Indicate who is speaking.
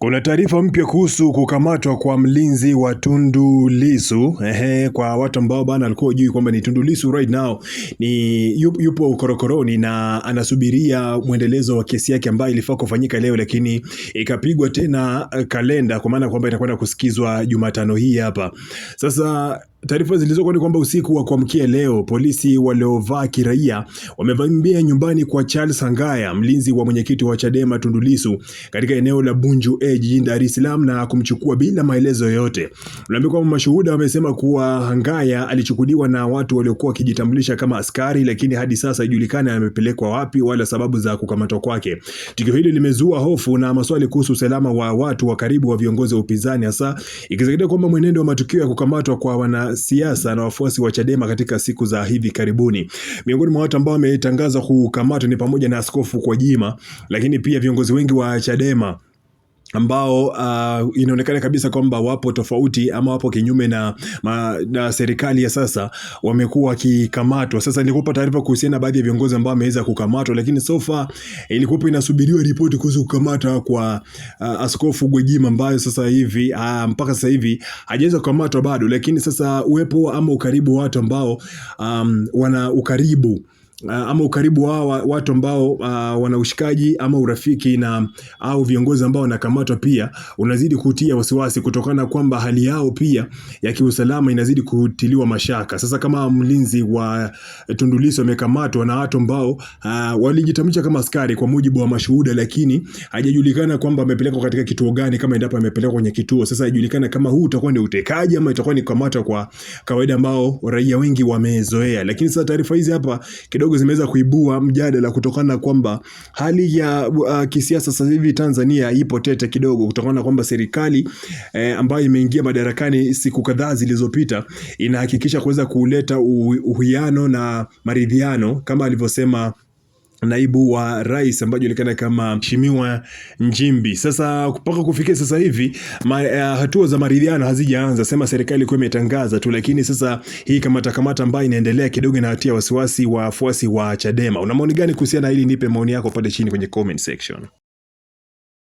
Speaker 1: Kuna taarifa mpya kuhusu kukamatwa kwa mlinzi wa Tundu Lissu. Ehe, kwa watu ambao bana alikuwa hujui kwamba ni Tundu Lissu right now ni yupo korokoroni na anasubiria mwendelezo wa kesi yake ambayo ilifaa kufanyika leo, lakini ikapigwa tena kalenda, kwa maana kwamba itakwenda kusikizwa Jumatano hii hapa sasa Taarifa zilizokuwa ni kwamba usiku wa kuamkia leo polisi waliovaa kiraia wamevamia nyumbani kwa Charles Sangaya, mlinzi wa mwenyekiti wa Chadema Tundu Lissu katika eneo la Bunju A jijini Dar es Salaam na kumchukua bila maelezo yoyote. Unaambia kwamba mashuhuda wamesema kuwa Hangaya alichukuliwa na watu waliokuwa wakijitambulisha kama askari, lakini hadi sasa haijulikani amepelekwa wapi wala sababu za kukamatwa kwake. Tukio hili limezua hofu na maswali kuhusu usalama wa watu wa karibu wa viongozi wa upinzani, hasa ikizingatia kwamba mwenendo wa matukio ya kukamatwa kwa wana wanasiasa na wafuasi wa Chadema katika siku za hivi karibuni. Miongoni mwa watu ambao wametangaza kukamatwa ni pamoja na Askofu Gwajima, lakini pia viongozi wengi wa Chadema ambao uh, inaonekana kabisa kwamba wapo tofauti ama wapo kinyume na, ma, na serikali ya sasa, wamekuwa wakikamatwa. Sasa nilikupa taarifa kuhusiana na baadhi ya viongozi ambao wameweza kukamatwa, lakini so far ilikuwa inasubiriwa ripoti kuhusu kukamata kwa uh, Askofu Gwajima ambayo sasa hivi uh, mpaka sasa hivi hajaweza kukamatwa bado, lakini sasa uwepo ama ukaribu wa watu ambao um, wana ukaribu uh, ama ukaribu wa watu ambao uh, wana ushikaji ama urafiki na au viongozi ambao wanakamatwa pia unazidi kutia wasiwasi, kutokana kwamba hali yao pia ya kiusalama inazidi kutiliwa mashaka. Sasa kama mlinzi wa Tundu Lissu amekamatwa na watu ambao uh, walijitamisha kama askari kwa mujibu wa mashuhuda, lakini hajajulikana kwamba amepelekwa katika kituo gani, kama endapo amepelekwa kwenye kituo. Sasa hajulikana kama huu utakuwa ni utekaji ama itakuwa ni kukamatwa kwa kawaida ambao raia wengi wamezoea, lakini sasa taarifa hizi hapa kidogo kidogo zimeweza kuibua mjadala kutokana kwamba hali ya uh, kisiasa sasa hivi Tanzania ipo tete kidogo, kutokana kwamba serikali eh, ambayo imeingia madarakani siku kadhaa zilizopita inahakikisha kuweza kuleta uhiano na maridhiano kama alivyosema naibu wa rais ambaye julikana kama Mheshimiwa Njimbi. Sasa mpaka kufikia sasa hivi ma, uh, hatua za maridhiano hazijaanza, sema serikali ilikuwa imetangaza tu, lakini sasa hii kamata kamata ambayo inaendelea kidogo inatia wasiwasi wafuasi wa Chadema. Una maoni gani kuhusiana na hili? Nipe maoni yako pale chini kwenye comment section.